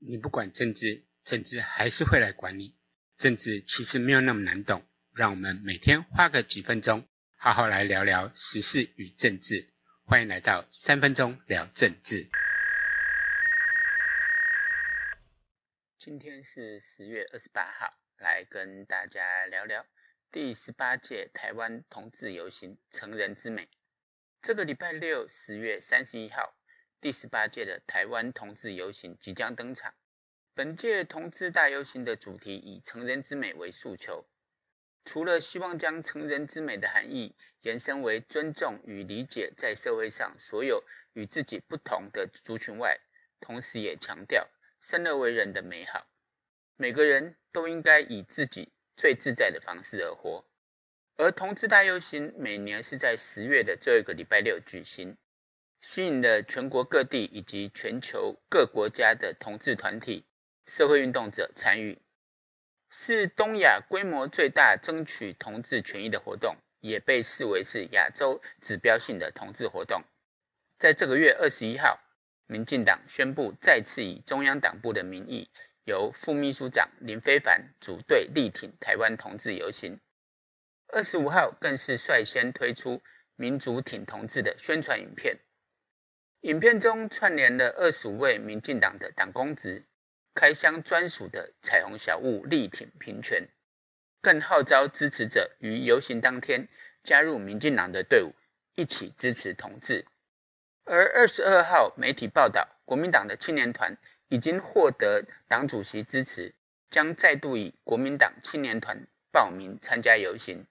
你不管政治，政治還是會來管你。政治其實沒有那麼難懂，讓我們每天花個幾分鐘，好好來聊聊時事與政治。歡迎來到三分鐘聊政治。今天是十月二十八號，來跟大家聊聊第十八屆台灣同志遊行成人之美。這個禮拜六，十月三十一號。第十八屆的台灣同志遊行即將登場。本屆同志大遊行的主題以“成人之美”為訴求，除了希望將“成人之美”的含義延伸為尊重與理解在社會上所有與自己不同的族群外，同時也強調生而為人的美好。每個人都應該以自己最自在的方式而活。而同志大遊行每年是在十月的最後一個禮拜六舉行。吸引了全國各地以及全球各國家的同志團體、社會運動者參與，是東亞規模最大爭取同志權益的活動，也被視為是亞洲指標性的同志活動。在這個月二十一號，民進黨宣布再次以中央黨部的名義，由副秘書長林飛帆組隊力挺台灣同志遊行。二十五號更是率先推出“民主挺同志”的宣傳影片。影片中串聯了二十五位民進黨的黨公職，開箱專屬的彩虹小物，力挺平權，更號召支持者於遊行當天加入民進黨的隊伍，一起支持同志。而二十二號媒體報道，國民黨的青年團已經獲得黨主席支持，將再度以國民黨青年團報名參加遊行，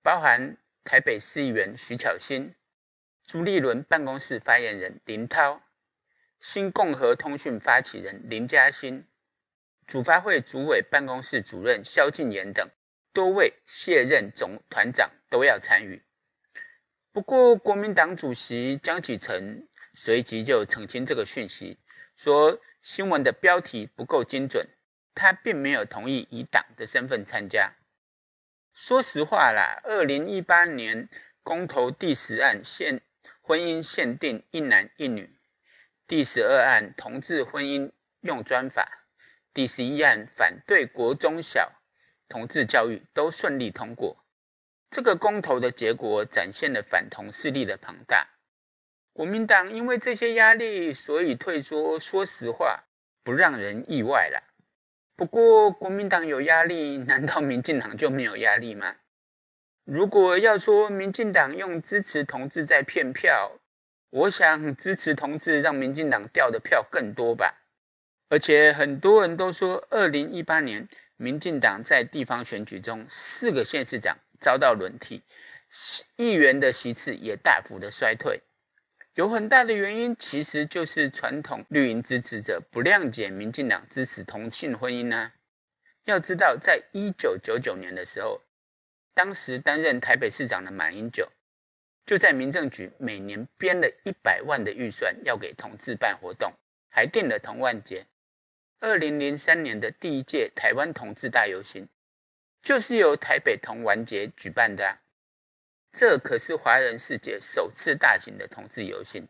包含台北市議員徐巧芯。朱立倫辦公室發言人林濤、新共和通訊發起人林嘉欣、主發會主委辦公室主任肖敬言等多位卸任總團長都要參與。不過，國民黨主席江啟臣隨即就澄清這個訊息，說新聞的標題不夠精準，他並沒有同意以黨的身份參加。說實話啦，二零一八年公投第十案現。婚姻限定一男一女。第十二案同志婚姻用專法，第十一案反對國中小同志教育都順利通過。這個公投的結果展現了反同勢力的龐大。國民黨因為這些壓力，所以退縮，說實話不讓人意外啦。不過國民黨有壓力，難道民進黨就沒有壓力嗎？如果要說民進黨用支持同志在騙票，我想支持同志讓民進黨掉的票更多吧。而且很多人都說，二零一八年民進黨在地方選舉中，四個縣市長遭到輪替，議員的席次也大幅的衰退。有很大的原因，其實就是傳統綠營支持者不諒解民進黨支持同性婚姻呢、啊。要知道，在一九九九年的時候。當時擔任台北市長的馬英九，就在民政局每年編了一百萬的預算要給同志辦活動，還訂了同玩節。二零零三年的第一屆台灣同志大遊行，就是由台北同玩節舉辦的啊。這可是華人世界首次大型的同志遊行。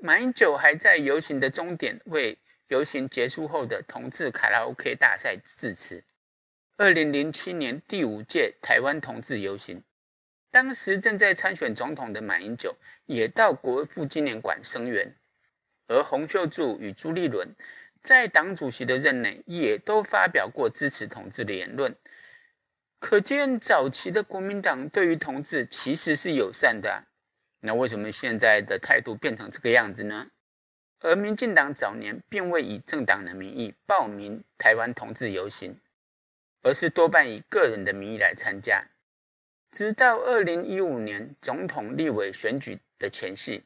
馬英九還在遊行的終點為遊行結束後的同志卡拉 OK 大賽致辭。二零零七年第五屆台灣同志遊行，當時正在參選總統的馬英九也到國父紀念館聲援，而洪秀柱與朱立倫在黨主席的任內也都發表過支持同志的言論，可見早期的國民黨對於同志其實是友善的啊。那為什麼現在的態度變成這個樣子呢？而民進黨早年並未以政黨的名義報名台灣同志遊行。而是多半以個人的名義來參加，直到二零一五年總統立委選舉的前夕，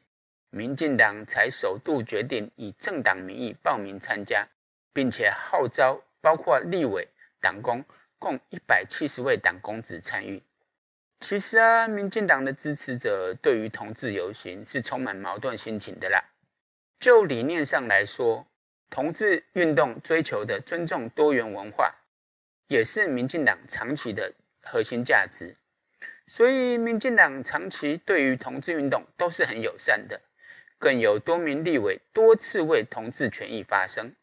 民進黨才首度決定以政黨名義報名參加，並且號召包括立委、黨工共一百七十位黨公職參與。其實啊，民進黨的支持者對於同志遊行是充滿矛盾心情的啦。就理念上來說，同志運動追求的尊重多元文化。也是民進黨長期的核心價值，所以民進黨長期對於同志運動都是很友善的，更有多名立委多次為同志權益發聲。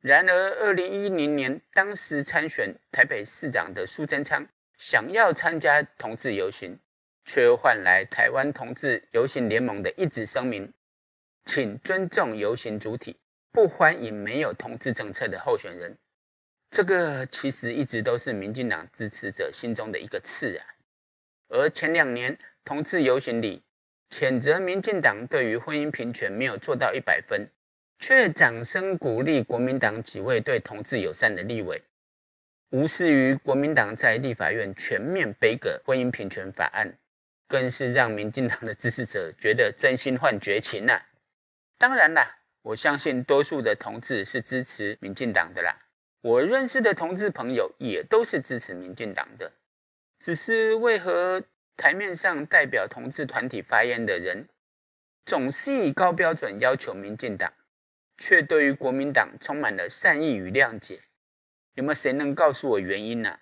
然而，二零一零年當時參選台北市長的蘇貞昌想要參加同志遊行，卻又換來台灣同志遊行聯盟的一紙聲明，請尊重遊行主體，不歡迎沒有同志政策的候選人。這個其實一直都是民進黨支持者心中的一個刺啊！而前兩年同志遊行裡，譴責民進黨對於婚姻平權沒有做到一百分，卻掌聲鼓勵國民黨幾位對同志友善的立委，無視於國民黨在立法院全面杯葛婚姻平權法案，更是讓民進黨的支持者覺得真心換絕情了、啊。當然啦，我相信多數的同志是支持民進黨的啦。我認識的同志朋友也都是支持民進黨的，只是為何台面上代表同志團體發言的人，總是以高標準要求民進黨，卻對於國民黨充滿了善意與諒解？有沒有誰能告訴我原因呢、啊？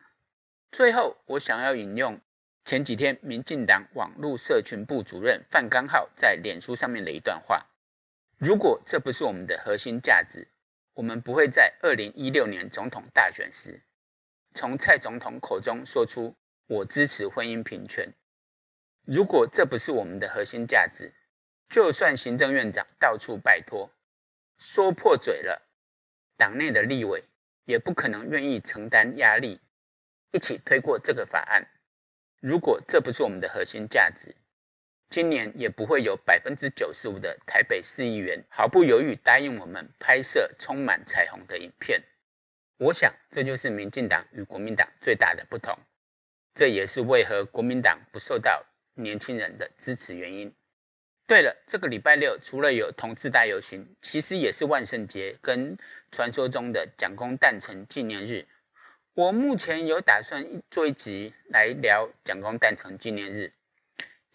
最後，我想要引用前幾天民進黨網絡社群部主任范剛浩在臉書上面的一段話：如果這不是我們的核心價值。我們不會在二零一六年總統大選時，從蔡總統口中說出我支持婚姻平權。如果這不是我們的核心價值，就算行政院長到處拜托，說破嘴了，黨內的立委也不可能願意承擔壓力，一起推過這個法案。如果這不是我們的核心價值，今年也不會有百分之九十五的台北市議員毫不猶豫答應我們拍攝充滿彩虹的影片。我想這就是民進黨與國民黨最大的不同，這也是為何國民黨不受到年輕人的支持原因。對了，這個禮拜六除了有同志大遊行，其實也是萬聖節跟傳說中的蔣公誕辰紀念日。我目前有打算做一集來聊蔣公誕辰紀念日。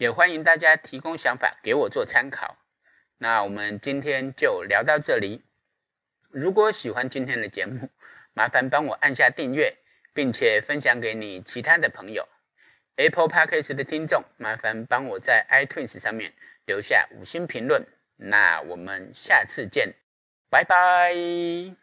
也歡迎大家提供想法給我做參考。那我們今天就聊到這裡。如果喜歡今天的節目，麻煩幫我按下訂閱，並且分享給你其他的朋友。Apple Podcasts 的聽眾，麻煩幫我在 iTunes 上面留下五星評論。那我們下次見，拜拜。